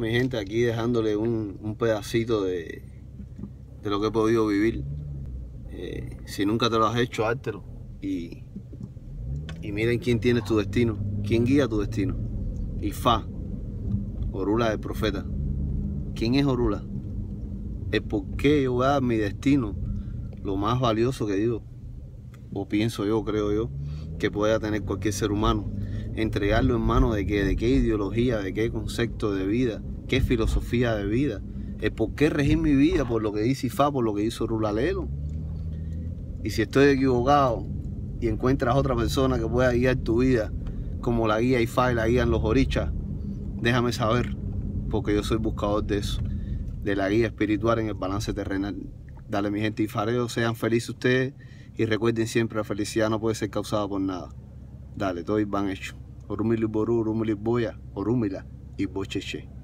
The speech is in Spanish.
Mi gente, aquí dejándole un, pedacito de, lo que he podido vivir. Eh, si nunca te lo has hecho, hártelo. Y, miren quién tiene tu destino, quién guía tu destino. fa, Orula el profeta. ¿Quién es Orula? El por qué yo voy a mi destino, lo más valioso que digo, o pienso yo, creo yo, que pueda tener cualquier ser humano entregarlo en manos de qué, de qué ideología, de qué concepto de vida, qué filosofía de vida, es por qué regir mi vida por lo que dice IFA, por lo que hizo Rulalelo. Y si estoy equivocado y encuentras otra persona que pueda guiar tu vida, como la guía IFA y la guía en los orichas, déjame saber, porque yo soy buscador de eso, de la guía espiritual en el balance terrenal. Dale mi gente IFAREO, sean felices ustedes y recuerden siempre, la felicidad no puede ser causada por nada. Dale, todo van hecho. orumili boru orumili boya orumila ibocheche